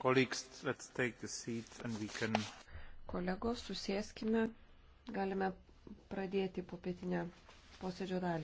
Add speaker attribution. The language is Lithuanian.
Speaker 1: Can...
Speaker 2: Kolegos, susėskime, galime pradėti popietinę posėdžio dalį.